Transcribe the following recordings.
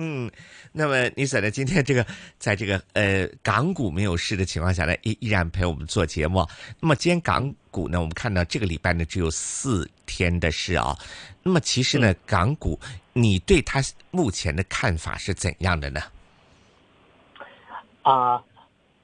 嗯，那麼聶生呢？今天這個，在這個呃港股沒有市的情況下呢，依依然陪我們做節目。那麼今天港股呢，我們看到這個禮拜呢只有四天的市啊、哦。那麼其實呢，嗯、港股你對它目前的看法是怎樣的呢？啊、呃，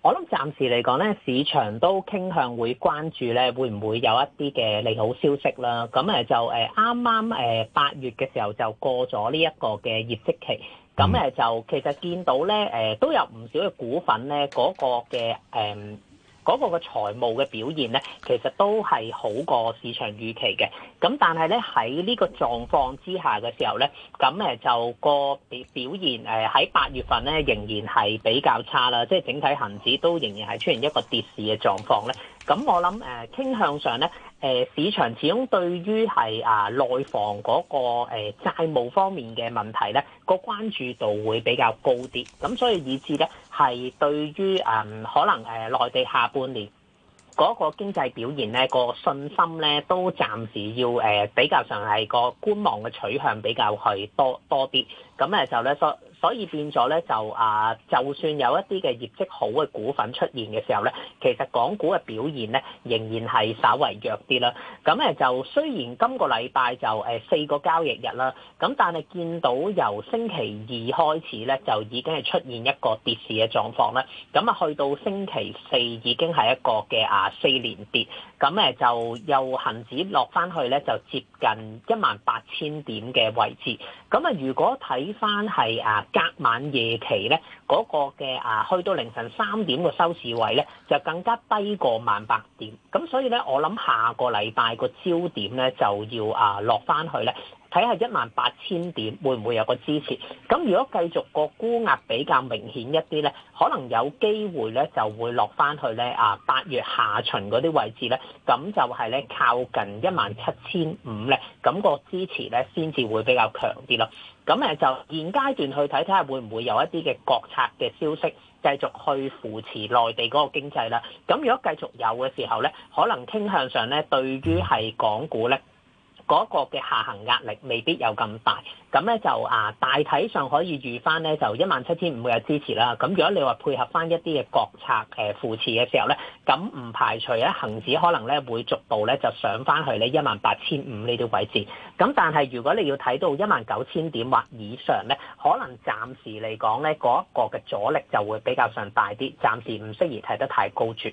我諗暫時嚟講呢，市場都傾向會關注呢，會唔會有一啲嘅利好消息啦？咁誒就誒啱啱誒八月嘅時候就過咗呢一個嘅業績期。咁誒、嗯、就其實見到咧，誒、呃、都有唔少嘅股份咧，嗰、嗰個嘅誒嗰個嘅財務嘅表現咧，其實都係好過市場預期嘅。咁但係咧喺呢個狀況之下嘅時候咧，咁誒就嗰個表現誒喺八月份咧仍然係比較差啦，即係整體恆指都仍然係出現一個跌市嘅狀況咧。咁我諗誒，傾向上咧，誒市場始終對於係啊內房嗰個誒債務方面嘅問題咧，個關注度會比較高啲。咁所以以至咧，係對於誒可能誒內地下半年嗰個經濟表現咧，個信心咧都暫時要誒比較上係個觀望嘅取向比較係多多啲。咁咧就咧所。所以變咗咧就啊，就算有一啲嘅業績好嘅股份出現嘅時候咧，其實港股嘅表現咧仍然係稍為弱啲啦。咁誒就雖然今個禮拜就誒四個交易日啦，咁但係見到由星期二開始咧，就已經係出現一個跌市嘅狀況啦。咁啊，去到星期四已經係一個嘅啊四連跌。咁就又恆指落翻去咧，就接近一萬八千點嘅位置。咁啊，如果睇翻係啊隔晚夜期咧，嗰、那個嘅啊去到凌晨三點嘅收市位咧，就更加低過萬八點。咁所以咧，我諗下個禮拜個焦點咧就要啊落翻去咧。睇下一萬八千點會唔會有個支持？咁如果繼續個沽壓比較明顯一啲咧，可能有機會咧就會落翻去咧啊八月下旬嗰啲位置咧，咁就係咧靠近一萬七千五咧，咁個支持咧先至會比較強啲咯。咁誒就現階段去睇睇下會唔會有一啲嘅國策嘅消息繼續去扶持內地嗰個經濟啦。咁如果繼續有嘅時候咧，可能傾向上咧對於係港股咧，嗰個嘅下行壓力未必有咁大，咁咧就啊大體上可以預翻咧就一萬七千五有支持啦。咁如果你話配合翻一啲嘅國策誒、啊、扶持嘅時候咧，咁唔排除咧恆指可能咧會逐步咧就上翻去呢一萬八千五呢啲位置。咁但係如果你要睇到一萬九千點或以上咧，可能暫時嚟講咧嗰一個嘅阻力就會比較上大啲，暫時唔適宜睇得太高絕。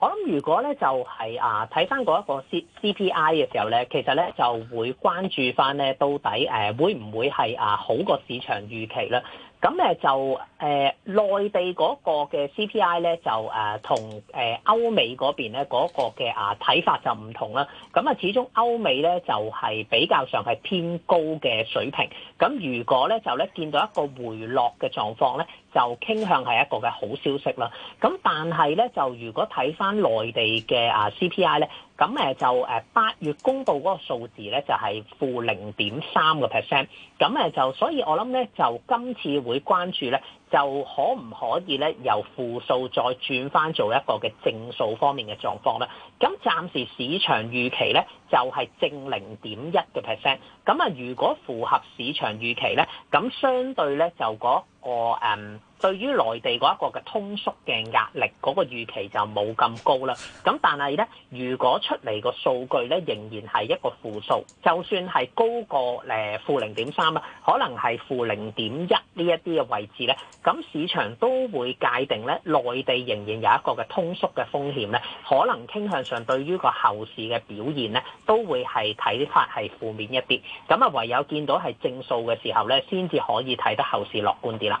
我諗，如果咧就係啊睇翻嗰一個 CPI 嘅時候咧，其實咧就會關注翻咧，到底誒會唔會係啊好過市場預期咧。咁就誒、呃、內地嗰個嘅 CPI 咧就誒同誒歐美嗰邊咧嗰、嗰個嘅啊睇法就唔同啦。咁啊始終歐美咧就係、係、比較上係偏高嘅水平。咁如果咧就咧見到一個回落嘅狀況咧，就傾向係一個嘅好消息啦。咁但係咧就如果睇返內地嘅啊 CPI 咧。咁誒就誒八月公布嗰個數字咧、就係，就係負零點三個 percent。咁誒就，所以我諗咧就今次會關注咧，就可唔可以咧由負數再轉翻做一個嘅正數方面嘅狀況咧？咁暫時市場預期咧就係正零點一個 percent。咁啊，如果符合市場預期咧，咁相對咧就嗰、嗰個、嗯對於內地嗰一個嘅通縮嘅壓力，嗰個預期就冇咁高啦。咁但係呢，如果出嚟個數據呢，仍然係一個負數，就算係高過負零點三啦，可能係負零點一呢一啲嘅位置呢，咁市場都會界定呢，內地仍然有一個嘅通縮嘅風險呢，可能傾向上對於個後市嘅表現呢，都會係睇法係負面一啲。咁啊，唯有見到係正數嘅時候呢，先至可以睇得後市樂觀啲啦。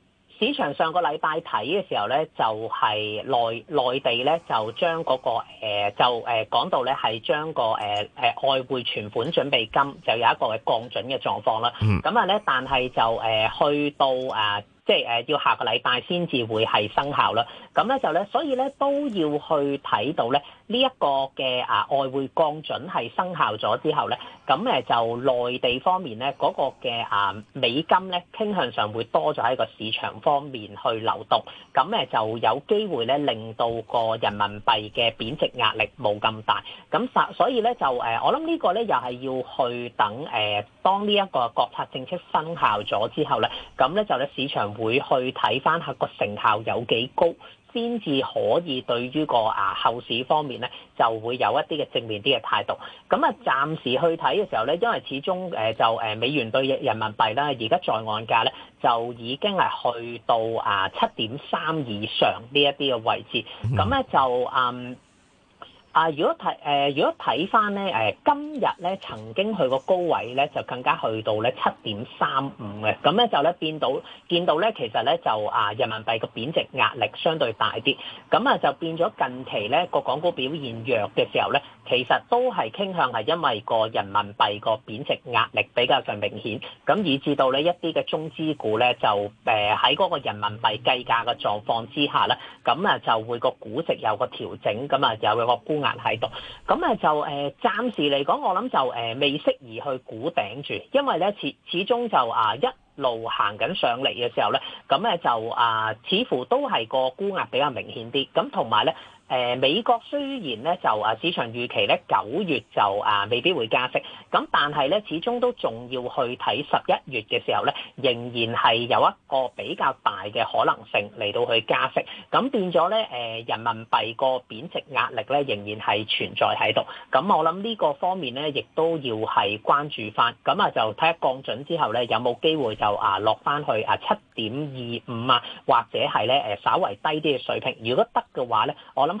市場上個禮拜睇嘅時候咧，就係、係、內、內地咧就將嗰、嗰個、呃、就、呃、講到咧係將、嗰個、呃呃、外匯存款準備金就有一個降準嘅狀況啦。咁啊咧，但係就、呃、去到、啊、即係、呃、要下個禮拜先至會係生效啦。咁咧就咧，所以咧都要去睇到咧呢一個嘅啊外匯降準係生效咗之後咧，咁誒就內地方面咧嗰個嘅啊美金咧傾向上會多咗喺個市場方面去流動，咁誒就有機會咧令到個人民幣嘅貶值壓力冇咁大，咁所所以咧就誒我諗呢個咧又係要去等誒當呢一個國策政策生效咗之後咧，咁咧就咧市場會去睇翻下個成效有幾高。先至可以對於個啊後市方面咧，就會有一啲嘅正面啲嘅態度。咁啊，暫時去睇嘅時候咧，因為始終誒就誒美元對人民幣啦，而家在岸價咧就已經係去到啊七點三以上呢一啲嘅位置。咁咧就嗯。啊、呃！如果睇誒，如果睇翻咧誒，今日咧曾經去過個高位咧，就更加去到咧七點三五嘅，咁咧就咧變到見到咧，其實咧就啊人民幣嘅貶值壓力相對大啲，咁啊就變咗近期咧個港股表現弱嘅時候咧，其實都係傾向係因為個人民幣個貶值壓力比較上明顯，咁以至到呢一啲嘅中資股咧就誒喺嗰個人民幣計價嘅狀況之下咧，咁啊就會個估值有個調整，咁啊有個壓喺度，咁啊就誒，暫時嚟講，我諗就誒，未適宜去估頂住，因為咧始始終就啊一路行緊上嚟嘅時候咧，咁咧就啊，似乎都係個沽壓比較明顯啲，咁同埋咧。誒美國雖然咧就啊市場預期咧九月就啊未必會加息，咁但係咧始終都仲要去睇十一月嘅時候咧，仍然係有一個比較大嘅可能性嚟到去加息，咁變咗咧誒人民幣個貶值壓力咧仍然係存在喺度，咁我諗呢個方面咧亦都要係關注翻，咁啊就睇下降準之後咧有冇機會就啊落翻去啊七點二五啊，或者係咧誒稍為低啲嘅水平，如果得嘅話咧，我諗。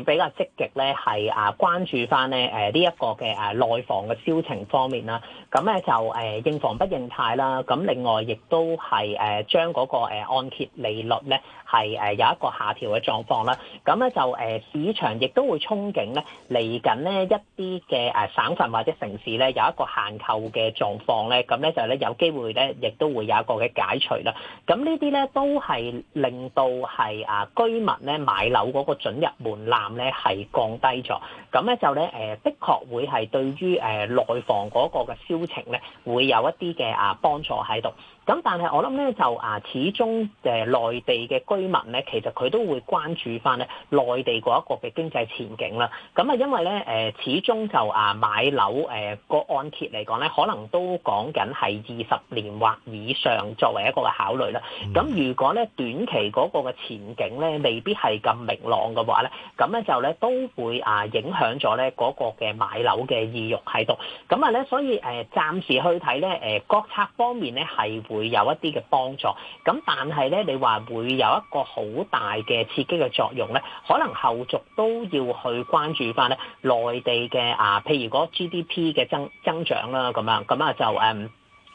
比較積極咧，係啊關注翻咧誒呢一個嘅誒內房嘅銷情方面啦。咁咧就誒認房不認貸啦。咁另外亦都係誒將嗰個按揭利率咧係誒有一個下調嘅狀況啦。咁咧就誒市場亦都會憧憬咧嚟緊呢一啲嘅誒省份或者城市咧有一個限購嘅狀況咧，咁咧就咧有機會咧亦都會有一個嘅解除啦。咁呢啲咧都係令到係啊居民咧買樓嗰個准入門檻，咁咧係降低咗，咁咧就咧誒，的確會係對於誒內房嗰個嘅銷情咧，會有一啲嘅啊幫助喺度。咁但係我諗咧就啊，始終誒內地嘅居民咧，其實佢都會關注翻咧內地嗰一個嘅經濟前景啦。咁啊，因為咧誒始終就啊買樓誒個按揭嚟講咧，可能都講緊係二十年或以上作為一個嘅考慮啦。咁如果咧短期嗰個嘅前景咧未必係咁明朗嘅話咧，咁咧就咧都會啊影響咗咧嗰個嘅買樓嘅意欲喺度。咁啊咧，所以誒暫時去睇咧誒國策方面咧係會。會有一啲嘅幫助，咁但係咧，你話會有一個好大嘅刺激嘅作用咧，可能後續都要去關注翻咧內地嘅啊，譬如如 GDP 嘅增增長啦，咁樣咁啊就誒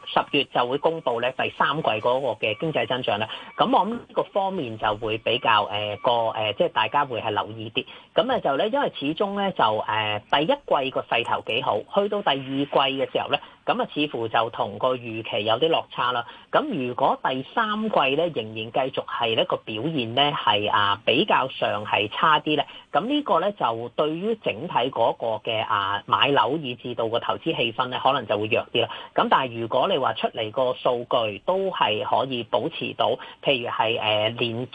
十、嗯、月就會公布咧第三季嗰個嘅經濟增長啦。咁我諗呢個方面就會比較誒個誒，即係大家會係留意啲。咁啊就咧，因為始終咧就誒、呃、第一季個勢頭幾好，去到第二季嘅時候咧。咁啊，似乎就同個預期有啲落差啦。咁如果第三季咧仍然繼續係一個表現咧係啊比較上係差啲咧，咁呢個咧就對於整體嗰個嘅啊買樓以至到個投資氣氛咧可能就會弱啲啦。咁但係如果你話出嚟個數據都係可以保持到，譬如係年連誒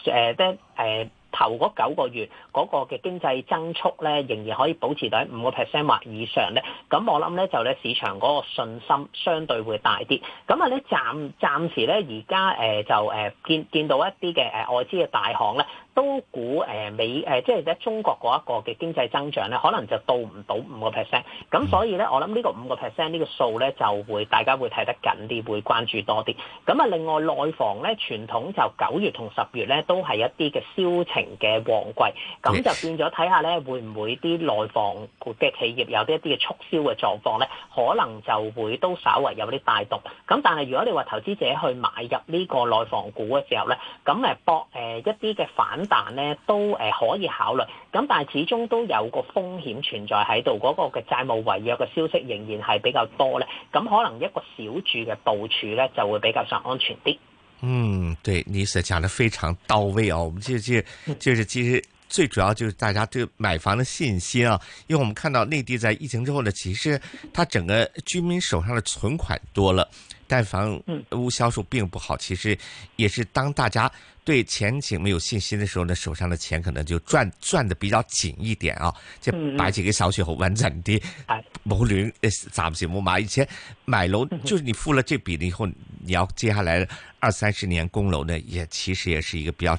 即係頭嗰九個月，嗰個嘅經濟增速咧，仍然可以保持到喺五個 percent 或以上咧。咁我諗咧就咧，市場嗰個信心相對會大啲。咁啊咧暫暫時咧，而家誒就誒見見到一啲嘅誒外資嘅大行咧，都估誒美誒，即係喺中國嗰一個嘅經濟增長咧，可能就到唔到五個 percent。咁所以咧，我諗呢個五個 percent 呢個數咧，就會大家會睇得緊啲，會關注多啲。咁啊，另外內房咧，傳統就九月同十月咧，都係一啲嘅銷情嘅旺季。咁就變咗睇下咧，會唔會啲內房股嘅企業有啲一啲嘅促銷嘅狀況咧？可能就會都稍為有啲帶動。咁但係如果你話投資者去買入呢個內房股嘅時候咧，咁誒博誒一啲嘅反彈咧，都誒可以考慮。咁但係始終都有個風險存在喺度，嗰、那個嘅債務違約嘅消息仍然係比較多咧。咁可能一個小注嘅部署咧，就會比較上安全啲。嗯，對，你所講得非常到位啊、哦！我唔知就就就是其實。就是就是嗯最主要就是大家對買房的信心啊，因為我們看到內地在疫情之後呢，其實它整個居民手上的存款多了，但房屋銷售並不好。其實也是當大家對前景沒有信心的時候呢，手上的錢可能就賺賺的比較緊一點啊，這擺幾個小許好穩陣啲，冇咋不行？冇買。以前買樓就是你付了這筆了以後，你要接下來二三十年供樓呢，也其實也是一個比較。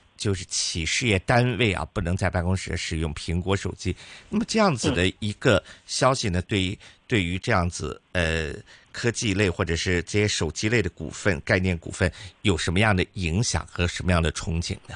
就是企事業單位啊，不能在辦公室使用蘋果手機。那麼這樣子的一個消息呢，對於對於這樣子呃科技類或者是這些手機類的股份概念股份有什麼樣的影響和什麼樣的憧憬呢？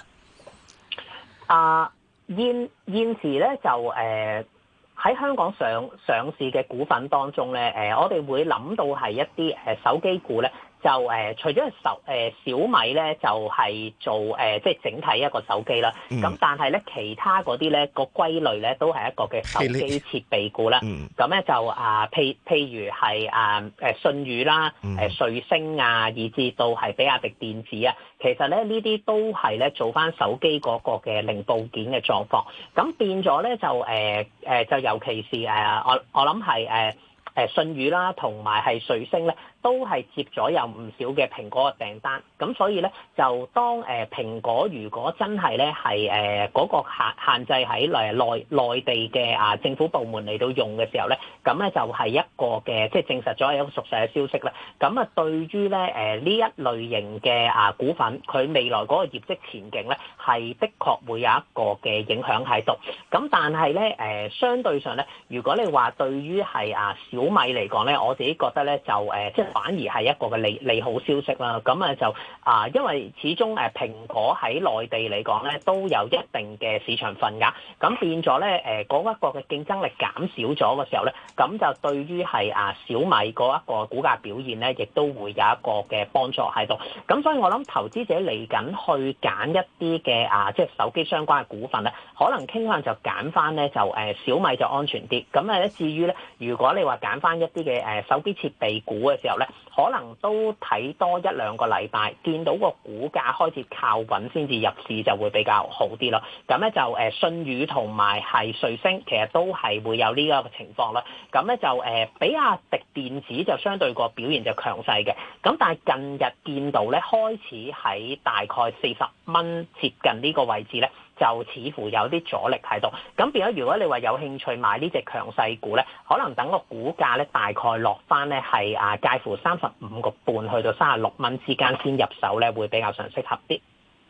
啊，現現時呢，就誒，喺、呃、香港上上市嘅股份當中呢，誒、呃，我哋會諗到係一啲誒、呃、手機股咧。就誒、呃，除咗、呃、小米咧，就係、是、做、呃、即係整體一個手機啦。咁、嗯、但係咧，其他嗰啲咧個歸類咧，都係一個嘅手機設備股啦。咁咧、嗯、就、呃嗯嗯、啊，譬譬如係啊誒舜宇啦，誒瑞聲啊，以至到係比亞迪電子啊，其實咧呢啲都係咧做翻手機嗰個嘅零部件嘅狀況。咁變咗咧就誒、呃呃、就尤其是誒、呃、我我諗係誒誒舜宇啦，同埋係瑞聲咧，都係接咗有唔少嘅蘋果嘅訂單，咁所以咧就當誒蘋果如果真係咧係誒嗰個限限制喺誒內內地嘅啊政府部門嚟到用嘅時候咧，咁咧就係一個嘅即係證實咗係一個屬實嘅消息啦。咁啊對於咧誒呢一類型嘅啊股份，佢未來嗰個業績前景咧係的確會有一個嘅影響喺度。咁但係咧誒相對上咧，如果你話對於係啊小米嚟講咧，我自己覺得咧就誒即係。反而係一個嘅利利好消息啦，咁啊就啊，因為始終誒蘋果喺內地嚟講咧，都有一定嘅市場份額，咁變咗咧誒嗰一個嘅競爭力減少咗嘅時候咧，咁就對於係啊小米嗰一個股價表現咧，亦都會有一個嘅幫助喺度。咁所以我諗投資者嚟緊去揀一啲嘅啊，即係手機相關嘅股份咧，可能傾向就揀翻咧就誒小米就安全啲。咁啊，至於咧，如果你話揀翻一啲嘅誒手機設備股嘅時候咧，可能都睇多一兩個禮拜，見到個股價開始靠穩，先至入市就會比較好啲咯。咁咧就誒舜宇同埋係瑞聲，其實都係會有呢個情況啦。咁咧就、呃、比亞迪電子就相對個表現就強勢嘅。咁但係近日見到咧，開始喺大概四十蚊接近呢個位置咧。就似乎有啲阻力喺度，咁變咗如果你話有興趣買呢隻強勢股呢，可能等個股價呢大概落翻呢係啊介乎三十五個半去到三十六蚊之間先入手呢，會比較上適合啲。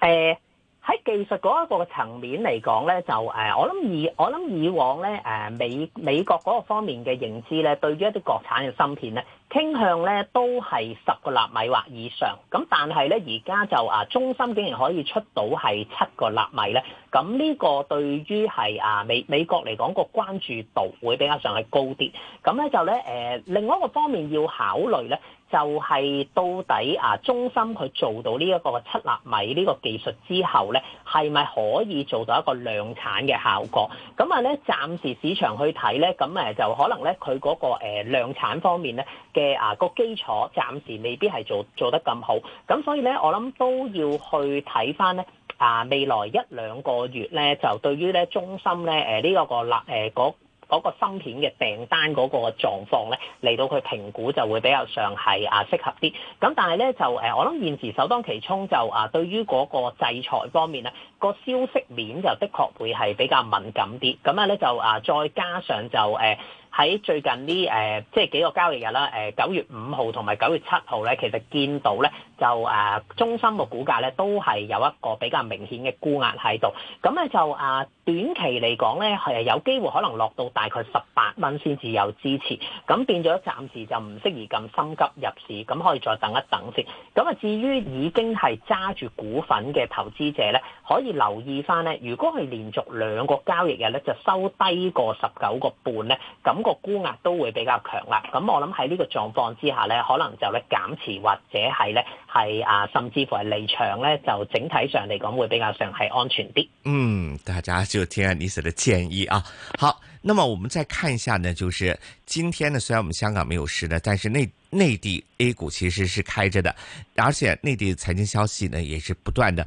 誒喺技術嗰一個層面嚟講咧，就誒我諗以我諗以往咧誒美美國嗰個方面嘅認知咧，對於一啲國產嘅芯片咧，傾向咧都係十個納米或以上。咁但係咧而家就啊，中芯竟然可以出到係七個納米咧，咁呢個對於係啊美美國嚟講個關注度會比較上係高啲。咁咧就咧誒，另外一個方面要考慮咧。就係到底啊，中芯佢做到呢一個七納米呢個技術之後咧，係咪可以做到一個量產嘅效果？咁啊咧，暫時市場去睇咧，咁誒就可能咧、那個，佢嗰個量產方面咧嘅啊個基礎，暫時未必係做做得咁好。咁所以咧，我諗都要去睇翻咧啊，未來一兩個月咧，就對於咧中芯咧呢、這個、呃那個納誒嗰個芯片嘅訂單嗰個狀況咧，嚟到佢評估就會比較上係啊適合啲。咁但係咧就誒，我諗現時首當其衝就，就啊，對於嗰個制裁方面咧，個、啊、消息面就的確會係比較敏感啲。咁啊咧就啊，再加上就誒。啊喺最近呢誒，即係幾個交易日啦，誒九月五號同埋九月七號咧，其實見到咧就誒，中心嘅股價咧都係有一個比較明顯嘅沽壓喺度，咁咧就誒，短期嚟講咧係有機會可能落到大概十八蚊先至有支持，咁變咗暫時就唔適宜咁心急入市，咁可以再等一等先。咁啊，至於已經係揸住股份嘅投資者咧。可以留意翻呢如果係連續兩個交易日呢，就收低過十九個半呢，咁個沽壓都會比較強啦。咁我諗喺呢個狀況之下呢，可能就呢減持或者係呢係啊，甚至乎係離場呢，就整體上嚟講會比較上係安全啲。嗯，大家就聽下李 Sir 嘅建議啊。好，那麼我們再看一下呢，就是今天呢，雖然我們香港沒有市呢，但是內內地 A 股其實是開着的，而且內地的財經消息呢也是不斷的。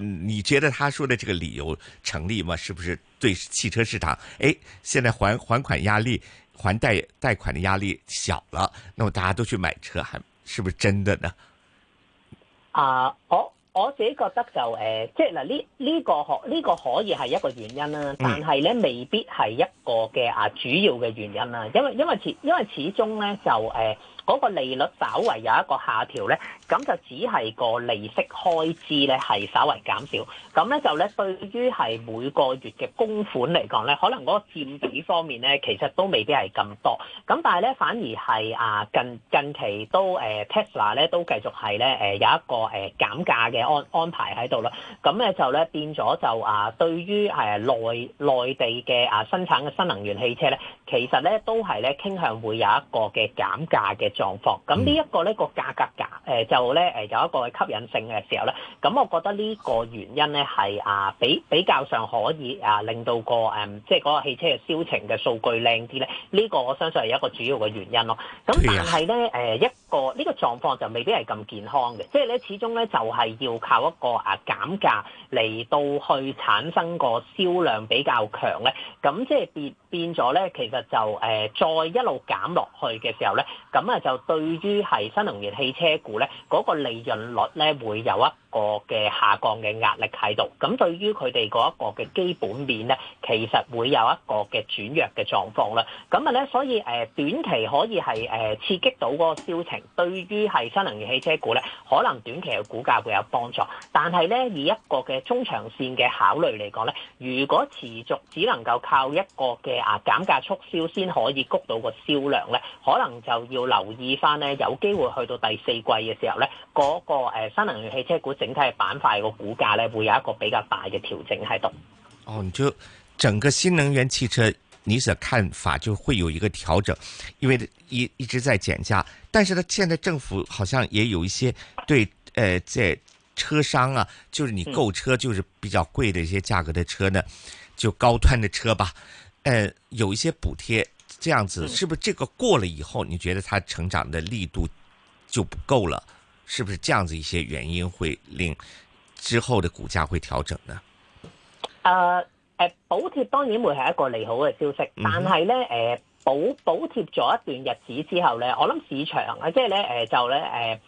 你覺得他說的這個理由成立嗎？是不是對汽車市場？誒、哎，現在還還款壓力、還貸貸款的壓力小了，那麼大家都去買車，還是不是真的呢？啊，我我自己覺得就誒、呃，即係嗱，呢、這、呢個可呢、這個這個可以係一個原因啦，但係咧未必係一個嘅啊主要嘅原因啦，因為因為始因為始終咧就誒。呃嗰個利率稍為有一個下調咧，咁就只係個利息開支咧係稍為減少，咁咧就咧對於係每個月嘅供款嚟講咧，可能嗰個佔比方面咧，其實都未必係咁多，咁但係咧反而係啊近近期都誒 Tesla 咧都繼續係咧誒有一個誒減價嘅安安排喺度啦，咁咧就咧變咗就啊對於誒內內地嘅啊生產嘅新能源汽車咧，其實咧都係咧傾向會有一個嘅減價嘅狀況，咁呢一個咧個價格價就咧有一個吸引性嘅時候咧，咁我覺得呢個原因咧係啊比比較上可以啊令到個、嗯、即係嗰個汽車嘅銷情嘅數據靚啲咧，呢、這個我相信係一個主要嘅原因咯。咁但係咧一個呢、這個狀況就未必係咁健康嘅，即係咧始終咧就係要靠一個啊減價嚟到去產生個銷量比較強咧，咁即係變變咗咧其實就再一路減落去嘅時候咧，咁啊～就對於係新能源汽車股咧，嗰、那個利潤率咧會有一個嘅下降嘅壓力喺度。咁對於佢哋嗰一個嘅基本面咧，其實會有一個嘅轉弱嘅狀況啦。咁啊咧，所以誒短期可以係誒、呃、刺激到嗰個銷情，對於係新能源汽車股咧，可能短期嘅股價會有幫助。但係咧，以一個嘅中長線嘅考慮嚟講咧，如果持續只能夠靠一個嘅啊減價促銷先可以谷到個銷量咧，可能就要留留意翻呢，有機會去到第四季嘅時候呢，嗰個誒新能源汽車股整體嘅板塊個股價呢，會有一個比較大嘅調整喺度。哦，你就整個新能源汽車，你所看法就會有一個調整，因為一一直在減價，但是呢，現在政府好像也有一些對誒即、呃、車商啊，就是你購車，就是比較貴的一些價格的車呢，就高端的車吧，誒、呃、有一些補貼。這樣子是不是這個過了以後，你覺得它成長的力度就不夠了？是不是這樣子一些原因會令之後的股價會調整呢？誒誒、呃，補貼當然會係一個利好嘅消息，但係呢，誒、呃，補補貼咗一段日子之後呢，我諗市場啊，即係呢，誒、呃，就呢。誒、呃、誒。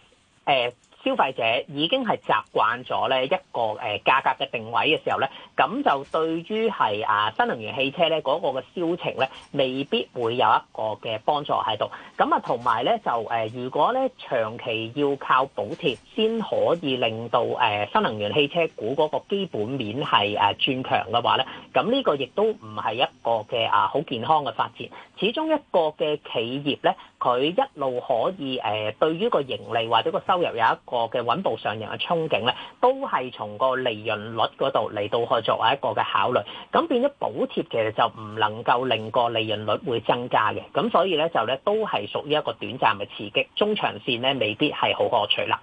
呃消費者已經係習慣咗咧一個誒價格嘅定位嘅時候咧，咁就對於係啊新能源汽車咧嗰個嘅銷情咧，未必會有一個嘅幫助喺度。咁啊，同埋咧就誒，如果咧長期要靠補貼先可以令到誒新能源汽車股嗰個基本面係誒轉強嘅話咧，咁呢個亦都唔係一個嘅啊好健康嘅發展。始終一個嘅企業咧。佢一路可以誒、呃，對於個盈利或者個收入有一個嘅穩步上揚嘅憧憬咧，都係從個利潤率嗰度嚟到去作為一個嘅考慮。咁變咗補貼其實就唔能夠令個利潤率會增加嘅。咁所以咧就咧都係屬於一個短暫嘅刺激，中長線咧未必係好可取啦。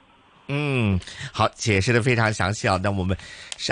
嗯，好，解釋得非常詳細啊。那我們是